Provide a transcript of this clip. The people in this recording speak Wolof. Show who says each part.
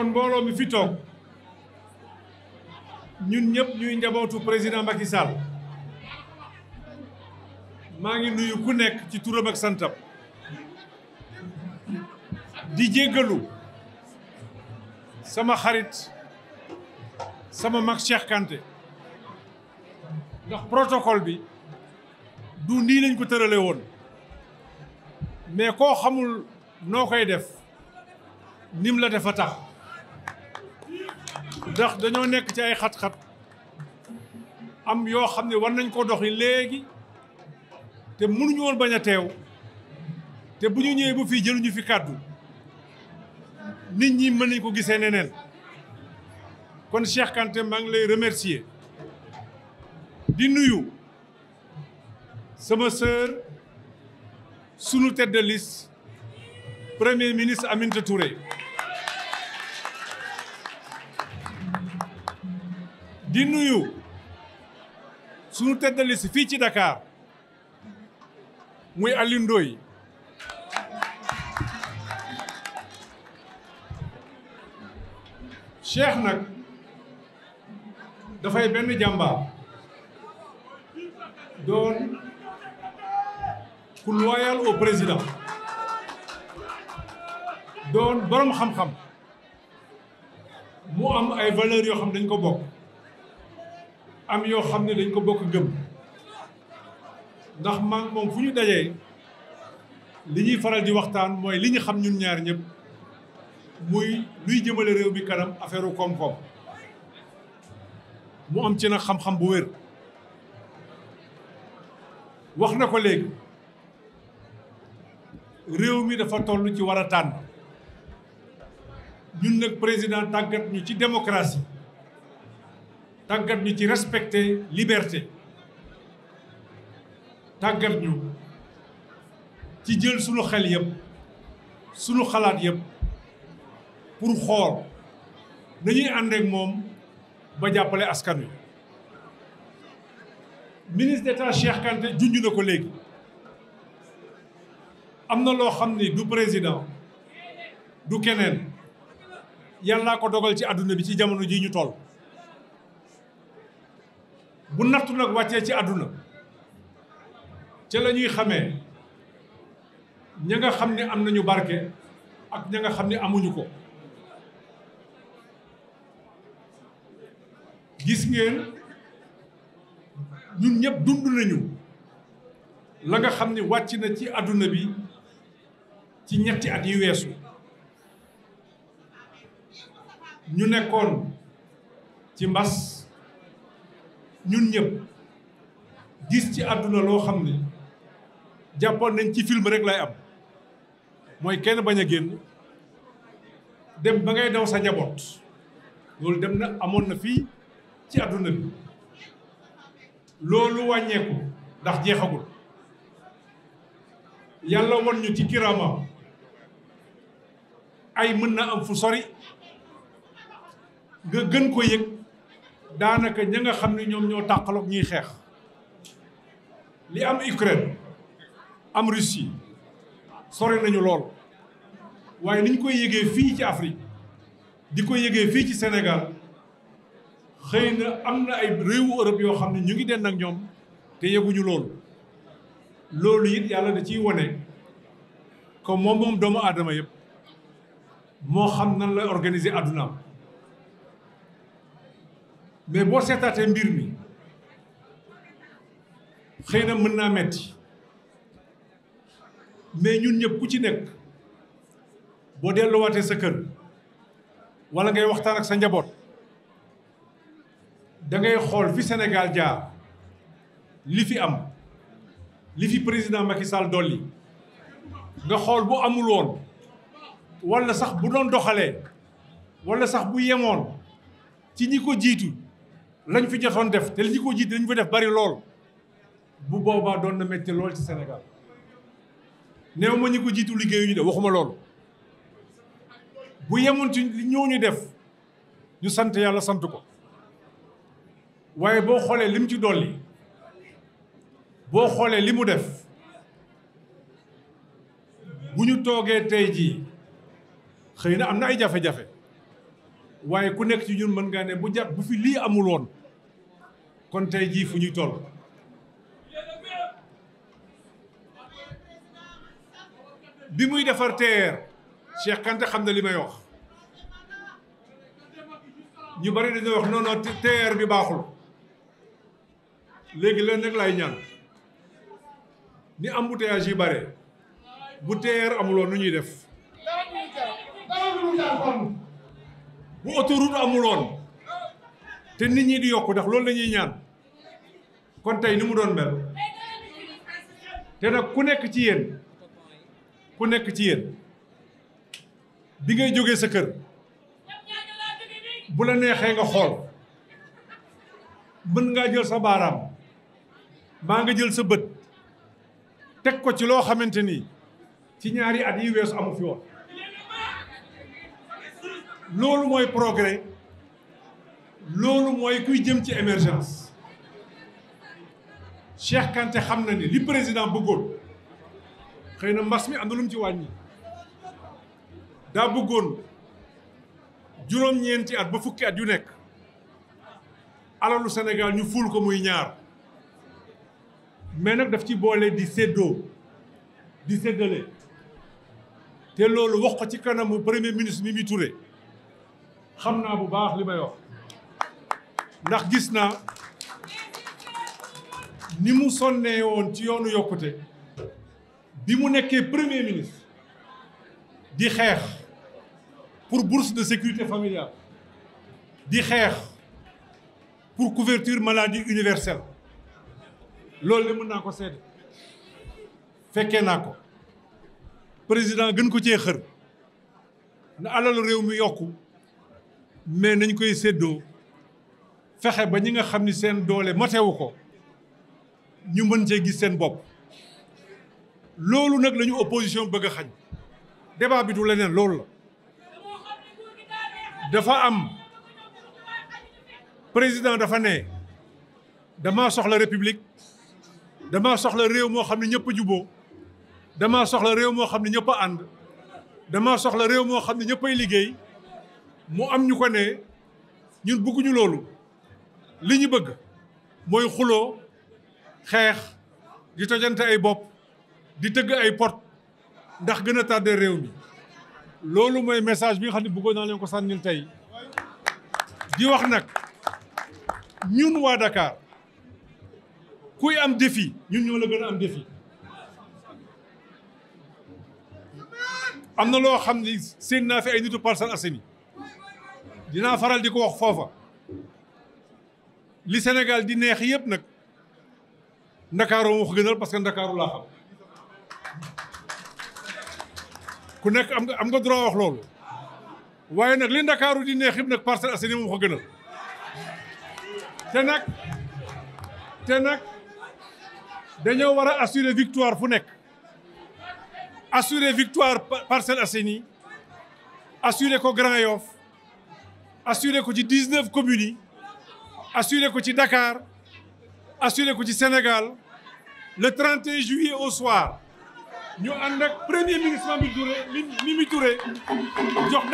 Speaker 1: kon mbooloo mi fi toog ñun ñëpp ñuy njabootu président Macky Sall maa ngi nuyu ku nekk ci turam ak di jéggalu sama xarit sama mag Cheikh Kanté ndax protocole bi du nii lañ ko tërale woon mais koo xamul noo koy def nim la defa tax ndax dañoo nekk ci ay xat-xat am yoo xam ne war nañ koo dox doxi léegi te mënuñu woon bañ a teew te bu ñu ñëwee ba fii jëluñu fi kàddu nit ñi mën nañ ko gisee neneen kon Cheikh Kanté maa ngi lay remercier di nuyu sama sœur sunu tête de liste premier ministre Aminata Touré di nuyu suñu tête de fii ci Dakar muy allindooy Ndoye Cheikh nag dafay benn jàmbaar doon ku loyal au président doon boroom xam-xam mu am ay valeurs yoo xam dañ ko bokk am yoo xam ne dañ ko bokk gëm ndax man moom fu ñu dajee li ñuy faral di waxtaan mooy li ñu xam ñun ñaar ñëpp muy luy jëmale réew mi kanam affaire u koom-koom mu am ci nag xam-xam bu wér wax na ko léegi réew mi dafa toll ci war a tànn ñun nag président tàggat ñu ci démocratie tàggat ñu ci respecter liberté tàggat ñu ci jël sunu xel yëpp sunu xalaat yëpp pour xool nañuy ànd moom ba jàppale askan wi. ministre d'État Cheikh Kanté junj na ko léegi am na loo xam ni du président du keneen yàllaa ko dogal ci àdduna bi ci jamono ji ñu toll. bu nattu nag wàccee ci àdduna ca lañuy ñuy ña nga xam ne am nañu barke ak ña nga xam ne amuñu ko gis ngeen ñun ñëpp dund nañu la nga xam ne wàcc na ci àdduna bi ci ñetti at yi weesu ñu nekkoon ci mbas ñun ñëpp gis ci àdduna loo xam ne jàppoon nañ ci film rek lay am mooy kenn bañ a génn dem ba ngay daw sa njaboot loolu dem na amoon na fii ci àdduna bi loolu wàññeeku ndax jeexagul yàlla won ñu ci kiraama ay mën na am fu sori nga gën ko yëg daanaka ña nga xam ne ñoom ñoo tàqaloog ñuy xeex li am Ukraine am Russie sore nañu lool waaye niñ koy yëgee fii ci Afrique di ko yëgee fii ci Sénégal xëy na am na ay réewu Europe yoo xam ne ñu ngi den ak ñoom te yëguñu loolu loolu it yàlla da ciy wane ko moom moom doomu aadama yëpp moo xam nan la organiser àddunaam mais boo seetaatee mbir mi xëy na mën naa metti mais ñun ñëpp ku ci nekk boo delluwaatee sa kër wala ngay waxtaan ak sa njaboot da ngay xool fi Sénégal jaar li fi am li fi président Macky Sall dolli nga xool boo amul woon wala sax bu doon doxalee wala sax bu yemoon ci ñi ko jiitu lañ fi jotoon def te li ñu ko jiit dañ fa def bari lool bu boobaa doon na metti lool ci senegal néew ma ñu ko jiitu liggéeyuñu de waxuma loolu bu yemoon ci ñu def ñu sant yàlla sant ko waaye boo xoolee li mu ci dolli boo xoolee li mu def bu ñu toogee tey jii xëy na am na ay jafe-jafe waaye ku nekk ci ñun mën ngaa ne bu jàpp bu fi lii amul woon kon tey jii fu ñuy toll bi muy defar TER Cheikh Kanté xam na li may wax ñu bari dañuy wax non non bi baaxul léegi leen nag laay ñaan ni embouteillage yi bare bu TER amuloon nu ñuy def bu autoroute amuloon te nit ñi di yokk ndax loolu la ñaan kon tey ni mu doon mel te nag ku nekk ci yéen ku nekk ci yéen bi ngay jógee sa kër bu la neexee nga xool mën ngaa jël sa baaraam maa nga jël sa bët teg ko ci loo xamante ni ci ñaar yi at yi weesu amu fi woon loolu mooy progrès loolu mooy kuy jëm ci émergence Cheikh Kanté xam na ni li président bëggoon xëy na mbas mi am na ci wàññi daa bëggoon juróom-ñeenti at ba fukki at yu nekk alalu Sénégal ñu fuul ko muy ñaar mais nag daf ci boole di séddoo di séddale te loolu wax ko ci kanamu premier ministre Mimi Touré. xam naa bu baax li may wax ndax gis naa ni mu sonnee woon ci yoonu yokkute bi mu nekkee premier ministre di xeex pour bourse de sécurité familiale di xeex pour couverture maladie universelle loolu la mën naa ko sedd fekkee naa ko président gën ko cee xër na alalu réew mi yokku mais nañ koy séddoo fexe ba ñi nga xam ni seen doole matewu ko ñu mën cee gis seen bopp loolu nag lañu opposition bëgg xañ débat bi du leneen loolu la dafa am président dafa ne damaa soxla république damaa soxla réew moo xam ne ñëpp juboo damaa soxla réew moo xam ne ñëpp ànd damaa soxla réew moo xam ne ñëpp ay liggéey mu am ñu ko ne ñun bëgguñu loolu li ñu bëgg mooy xuloo xeex di tojante ay bopp di tëgg ay pot ndax gën a tardé réew mi loolu mooy message bi xam ne bëggoon naa leen ko sànnil tey di wax nag ñun waa Dakar kuy am défi ñun ñoo la gën a am défi am na loo xam ni seen naa fi ay nitu Parcelles Assainies dinaa faral di ko wax foofa li Sénégal di neex yëpp nag ndakaaru wax gënal parce que ndakaaru laa xam ku nekk am nga am nga droit wax loolu waaye nag li ndakaaru di neex yëpp nag Parcelles Assainies moom wax gënal te nag te nag dañoo war a assurer victoire fu nekk assurer victoire Parcelles Assainies assuré ko Grand Yoff assuré ko ci dix-neuf communes yi ko ci Dakar assuré ko ci Sénégal le 31 juillet au soir ñu ànd ak premier ministre Mimi Touré Mimi Touré jox